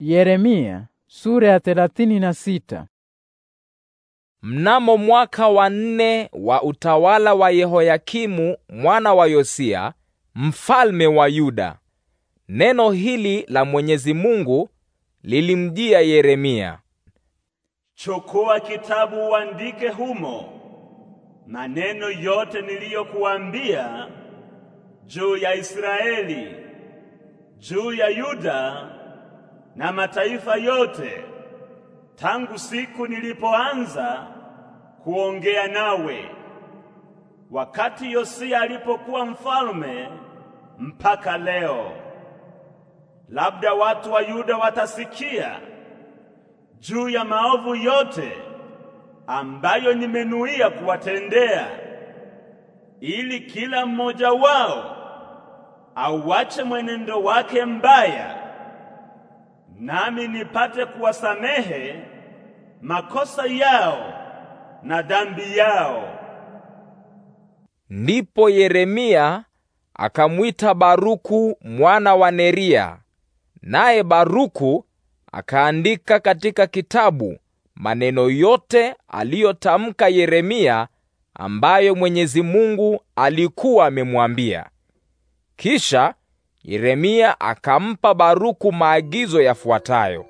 Yeremia sura ya thelathini na sita. Mnamo mwaka wa nne wa utawala wa Yehoyakimu mwana wa Yosia mfalme wa Yuda, neno hili la Mwenyezi Mungu lilimjia Yeremia: Chukua kitabu uandike humo maneno yote niliyokuambia juu ya Israeli, juu ya Yuda na mataifa yote tangu siku nilipoanza kuongea nawe wakati Yosia alipokuwa mfalme mpaka leo. Labda watu wa Yuda watasikia juu ya maovu yote ambayo nimenuia kuwatendea, ili kila mmoja wao auache mwenendo wake mbaya nami nipate kuwasamehe makosa yao na dhambi yao. Ndipo Yeremia akamwita Baruku mwana wa Neria, naye Baruku akaandika katika kitabu maneno yote aliyotamka Yeremia ambayo Mwenyezi Mungu alikuwa amemwambia. Kisha Yeremia akampa Baruku maagizo yafuatayo: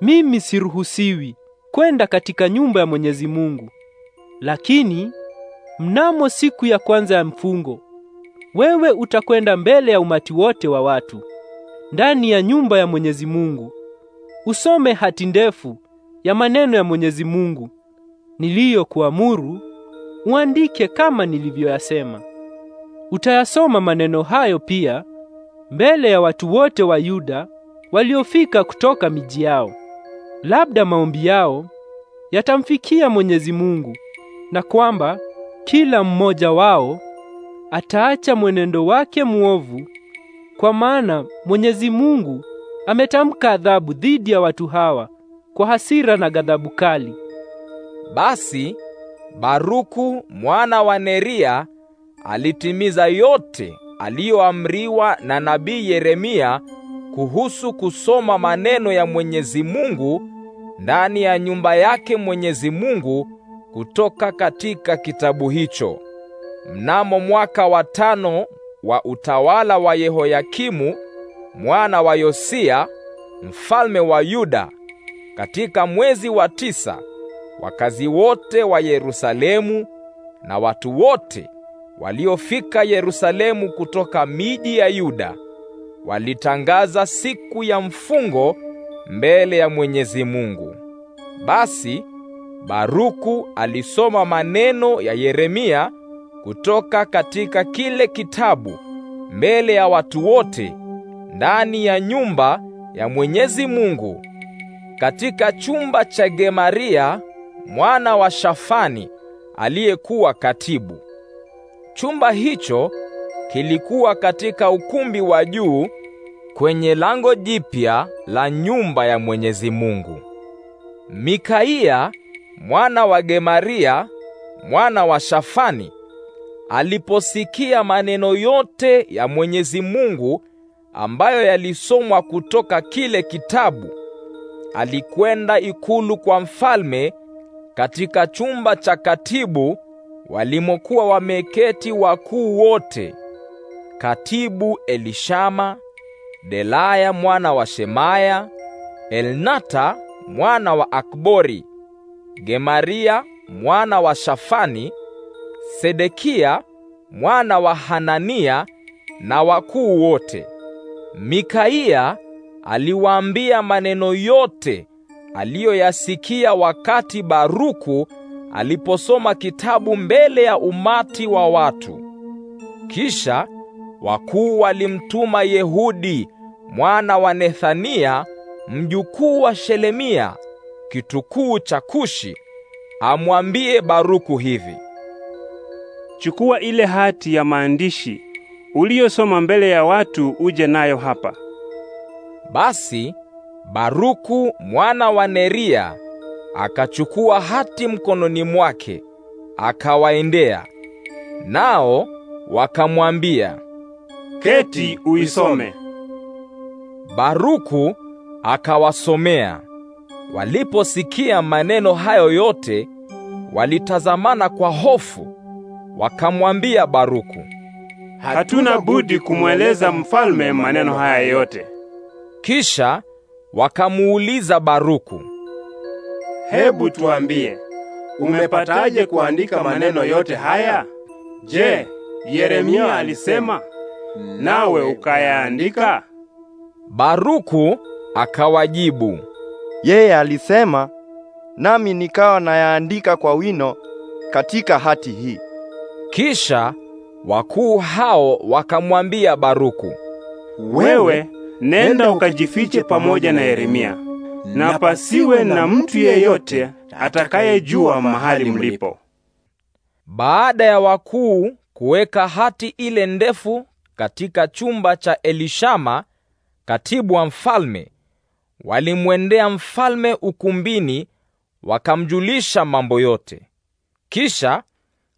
mimi siruhusiwi kwenda katika nyumba ya Mwenyezi Mungu, lakini mnamo siku ya kwanza ya mfungo wewe utakwenda mbele ya umati wote wa watu ndani ya nyumba ya Mwenyezi Mungu, usome hati ndefu ya maneno ya Mwenyezi Mungu niliyokuamuru uandike kama nilivyoyasema. Utayasoma maneno hayo pia mbele ya watu wote wa Yuda waliofika kutoka miji yao. Labda maombi yao yatamfikia Mwenyezi Mungu na kwamba kila mmoja wao ataacha mwenendo wake muovu, kwa maana Mwenyezi Mungu ametamka adhabu dhidi ya watu hawa kwa hasira na ghadhabu kali. Basi Baruku mwana wa Neria alitimiza yote aliyoamriwa na nabii Yeremia kuhusu kusoma maneno ya Mwenyezi Mungu ndani ya nyumba yake Mwenyezi Mungu kutoka katika kitabu hicho. Mnamo mwaka wa tano wa utawala wa Yehoyakimu mwana wa Yosia mfalme wa Yuda, katika mwezi wa tisa, wakazi wote wa Yerusalemu na watu wote waliofika Yerusalemu kutoka miji ya Yuda walitangaza siku ya mfungo mbele ya Mwenyezi Mungu. Basi Baruku alisoma maneno ya Yeremia kutoka katika kile kitabu mbele ya watu wote ndani ya nyumba ya Mwenyezi Mungu katika chumba cha Gemaria mwana wa Shafani aliyekuwa katibu. Chumba hicho kilikuwa katika ukumbi wa juu kwenye lango jipya la nyumba ya Mwenyezi Mungu. Mikaia mwana wa Gemaria mwana wa Shafani aliposikia maneno yote ya Mwenyezi Mungu ambayo yalisomwa kutoka kile kitabu, alikwenda ikulu kwa mfalme katika chumba cha katibu walimokuwa wameketi wakuu wote, katibu Elishama, Delaya mwana wa Shemaya, Elnata mwana wa Akbori, Gemaria mwana wa Shafani, Sedekia mwana wa Hanania na wakuu wote. Mikaia aliwaambia maneno yote aliyoyasikia wakati Baruku aliposoma kitabu mbele ya umati wa watu. Kisha wakuu walimtuma Yehudi mwana wa Nethania, mjukuu wa Shelemia, kitukuu cha Kushi, amwambie Baruku hivi: Chukua ile hati ya maandishi uliyosoma mbele ya watu uje nayo hapa. Basi Baruku mwana wa Neria akachukua hati mkononi mwake, akawaendea. Nao wakamwambia, keti uisome. Baruku akawasomea. Waliposikia maneno hayo yote, walitazamana kwa hofu, wakamwambia Baruku, hatuna budi kumweleza mfalme maneno haya yote. Kisha wakamuuliza Baruku, Hebu tuambie, umepataje kuandika maneno yote haya? Je, Yeremia alisema nawe ukayaandika? Baruku akawajibu, yeye alisema nami nikawa nayaandika kwa wino katika hati hii. Kisha wakuu hao wakamwambia Baruku, wewe nenda ukajifiche pamoja na Yeremia na pasiwe na mtu yeyote atakayejua mahali mlipo. Baada ya wakuu kuweka hati ile ndefu katika chumba cha Elishama, katibu wa mfalme, walimwendea mfalme ukumbini, wakamjulisha mambo yote. Kisha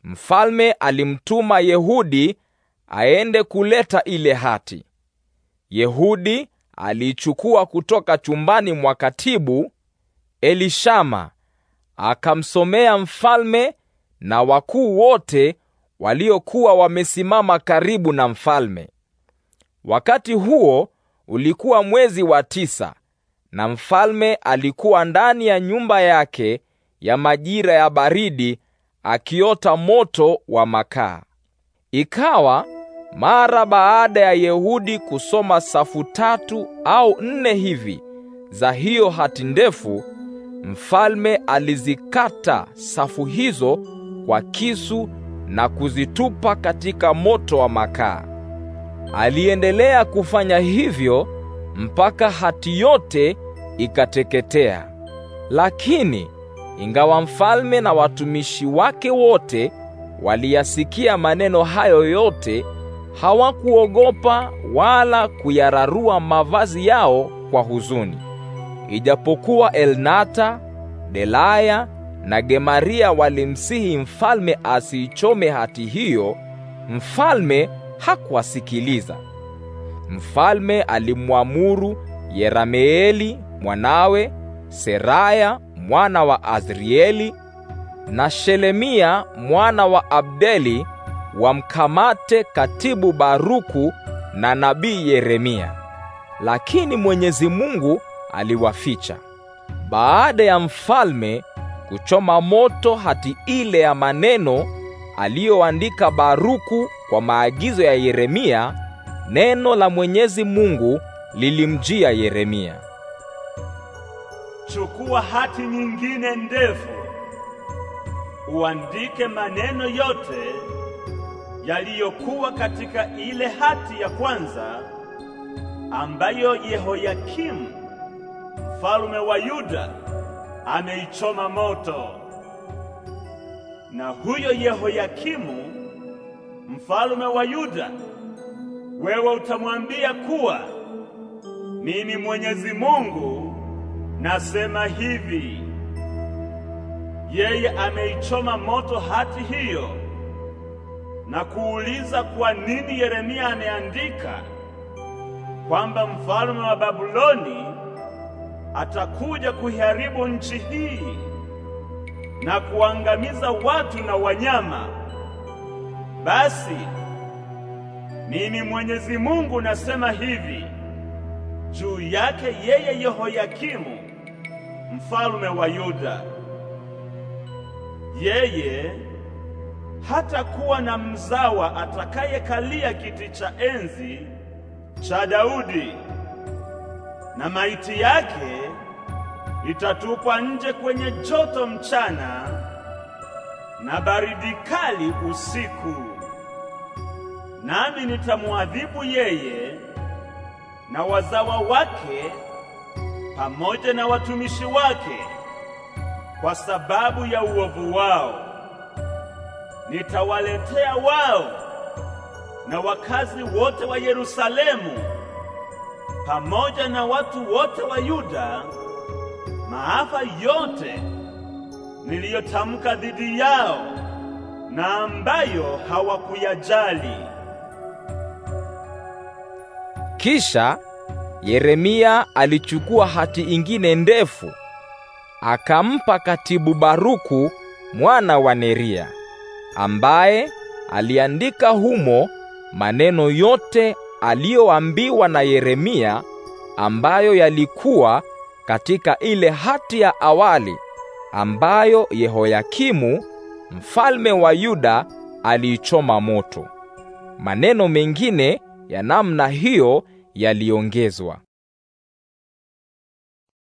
mfalme alimtuma Yehudi aende kuleta ile hati. Yehudi aliichukua kutoka chumbani mwa katibu Elishama, akamsomea mfalme na wakuu wote waliokuwa wamesimama karibu na mfalme. Wakati huo ulikuwa mwezi wa tisa, na mfalme alikuwa ndani ya nyumba yake ya majira ya baridi akiota moto wa makaa. Ikawa mara baada ya Yehudi kusoma safu tatu au nne hivi za hiyo hati ndefu, mfalme alizikata safu hizo kwa kisu na kuzitupa katika moto wa makaa. Aliendelea kufanya hivyo mpaka hati yote ikateketea. Lakini ingawa mfalme na watumishi wake wote waliyasikia maneno hayo yote hawakuogopa wala kuyararua mavazi yao kwa huzuni. Ijapokuwa Elnata, Delaya na Gemaria walimsihi mfalme asiichome hati hiyo, mfalme hakuwasikiliza. Mfalme alimwamuru Yerameeli mwanawe, Seraya mwana wa Azrieli na Shelemia mwana wa Abdeli wamkamate katibu Baruku na nabii Yeremia, lakini Mwenyezi Mungu aliwaficha. Baada ya mfalme kuchoma moto hati ile ya maneno aliyoandika Baruku kwa maagizo ya Yeremia, neno la Mwenyezi Mungu lilimjia Yeremia. Chukua hati nyingine ndefu, uandike maneno yote yaliyokuwa katika ile hati ya kwanza ambayo Yehoyakimu mfalme wa Yuda ameichoma moto. Na huyo Yehoyakimu mfalme wa Yuda, wewe utamwambia kuwa mimi Mwenyezi Mungu nasema hivi, yeye ameichoma moto hati hiyo na kuuliza kwa nini Yeremia ameandika kwamba mfalme wa Babuloni atakuja kuharibu nchi hii na kuangamiza watu na wanyama. Basi mimi Mwenyezi Mungu nasema hivi juu yake yeye Yehoyakimu mfalme wa Yuda, yeye hata kuwa na mzawa atakayekalia kiti cha enzi cha Daudi, na maiti yake itatupwa nje kwenye joto mchana na baridi kali usiku, nami nitamwadhibu yeye na wazawa wake pamoja na watumishi wake kwa sababu ya uovu wao nitawaletea wao na wakazi wote wa Yerusalemu pamoja na watu wote wa Yuda maafa yote niliyotamka dhidi yao na ambayo hawakuyajali. Kisha Yeremia alichukua hati ingine ndefu akampa katibu Baruku mwana wa Neria ambaye aliandika humo maneno yote aliyoambiwa na Yeremia ambayo yalikuwa katika ile hati ya awali ambayo Yehoyakimu mfalme wa Yuda aliichoma moto. Maneno mengine ya namna hiyo yaliongezwa.